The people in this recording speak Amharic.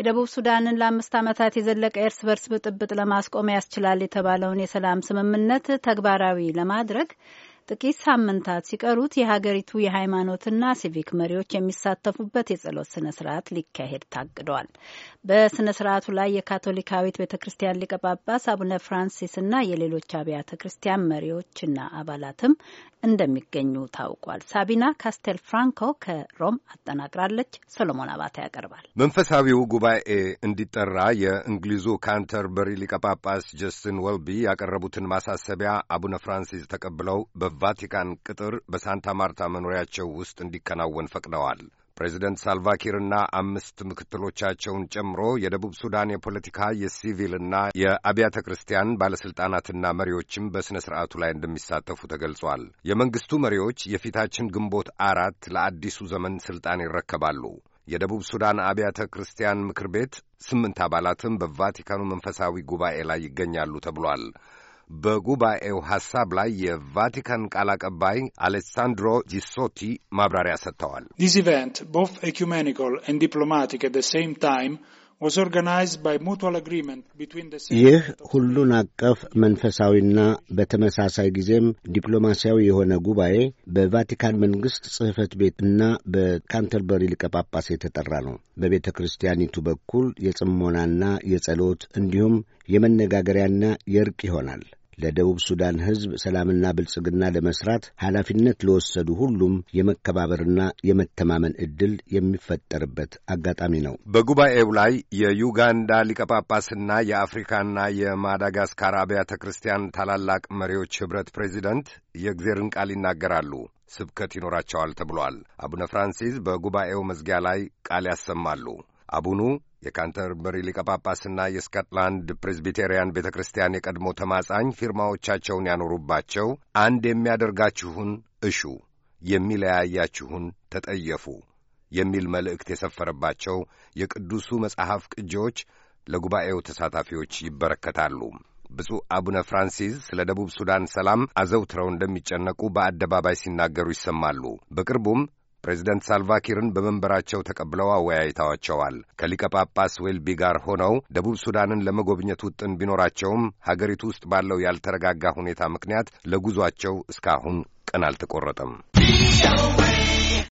የደቡብ ሱዳንን ለአምስት ዓመታት የዘለቀ እርስ በርስ ብጥብጥ ለማስቆም ያስችላል የተባለውን የሰላም ስምምነት ተግባራዊ ለማድረግ ጥቂት ሳምንታት ሲቀሩት የሀገሪቱ የሃይማኖትና ሲቪክ መሪዎች የሚሳተፉበት የጸሎት ስነ ስርዓት ሊካሄድ ታቅዷል። በስነ ስርዓቱ ላይ የካቶሊካዊት ቤተ ክርስቲያን ሊቀ ጳጳስ አቡነ ፍራንሲስና የሌሎች አብያተ ክርስቲያን መሪዎችና አባላትም እንደሚገኙ ታውቋል። ሳቢና ካስቴል ፍራንኮ ከሮም አጠናቅራለች። ሰሎሞን አባተ ያቀርባል። መንፈሳዊው ጉባኤ እንዲጠራ የእንግሊዙ ካንተርበሪ ሊቀ ጳጳስ ጀስትን ወልቢ ያቀረቡትን ማሳሰቢያ አቡነ ፍራንሲስ ተቀብለው በ ቫቲካን ቅጥር በሳንታ ማርታ መኖሪያቸው ውስጥ እንዲከናወን ፈቅደዋል። ፕሬዚደንት ሳልቫኪርና አምስት ምክትሎቻቸውን ጨምሮ የደቡብ ሱዳን የፖለቲካ የሲቪልና የአብያተ ክርስቲያን ባለሥልጣናትና መሪዎችም በሥነ ሥርዓቱ ላይ እንደሚሳተፉ ተገልጿል። የመንግሥቱ መሪዎች የፊታችን ግንቦት አራት ለአዲሱ ዘመን ሥልጣን ይረከባሉ። የደቡብ ሱዳን አብያተ ክርስቲያን ምክር ቤት ስምንት አባላትም በቫቲካኑ መንፈሳዊ ጉባኤ ላይ ይገኛሉ ተብሏል። በጉባኤው ሐሳብ ላይ የቫቲካን ቃል አቀባይ አሌሳንድሮ ጂሶቲ ማብራሪያ ሰጥተዋል። ዲስ ኢቨንት ቦዝ ኤኩሜኒካል ኤንድ ዲፕሎማቲክ አት ዘ ሴም ታይም ይህ ሁሉን አቀፍ መንፈሳዊና በተመሳሳይ ጊዜም ዲፕሎማሲያዊ የሆነ ጉባኤ በቫቲካን መንግሥት ጽሕፈት ቤት እና በካንተርበሪ ሊቀ ጳጳስ የተጠራ ነው። በቤተ ክርስቲያኒቱ በኩል የጽሞናና የጸሎት እንዲሁም የመነጋገሪያና የእርቅ ይሆናል። ለደቡብ ሱዳን ሕዝብ ሰላምና ብልጽግና ለመስራት ኃላፊነት ለወሰዱ ሁሉም የመከባበርና የመተማመን ዕድል የሚፈጠርበት አጋጣሚ ነው። በጉባኤው ላይ የዩጋንዳ ሊቀጳጳስና የአፍሪካና የማዳጋስካር አብያተ ክርስቲያን ታላላቅ መሪዎች ኅብረት ፕሬዚደንት የእግዜርን ቃል ይናገራሉ። ስብከት ይኖራቸዋል ተብሏል። አቡነ ፍራንሲስ በጉባኤው መዝጊያ ላይ ቃል ያሰማሉ። አቡኑ የካንተርበሪ ሊቀ ጳጳስና የስኮትላንድ ፕሬዝቢቴሪያን ቤተ ክርስቲያን የቀድሞ ተማጻኝ ፊርማዎቻቸውን ያኖሩባቸው አንድ የሚያደርጋችሁን እሹ፣ የሚለያያችሁን ተጠየፉ የሚል መልእክት የሰፈረባቸው የቅዱሱ መጽሐፍ ቅጂዎች ለጉባኤው ተሳታፊዎች ይበረከታሉ። ብፁዕ አቡነ ፍራንሲስ ስለ ደቡብ ሱዳን ሰላም አዘውትረው እንደሚጨነቁ በአደባባይ ሲናገሩ ይሰማሉ። በቅርቡም ፕሬዚደንት ሳልቫኪርን በመንበራቸው ተቀብለው አወያይተዋቸዋል። ከሊቀ ጳጳስ ዌልቢ ጋር ሆነው ደቡብ ሱዳንን ለመጎብኘት ውጥን ቢኖራቸውም ሀገሪቱ ውስጥ ባለው ያልተረጋጋ ሁኔታ ምክንያት ለጉዟቸው እስካሁን ቀን አልተቆረጠም።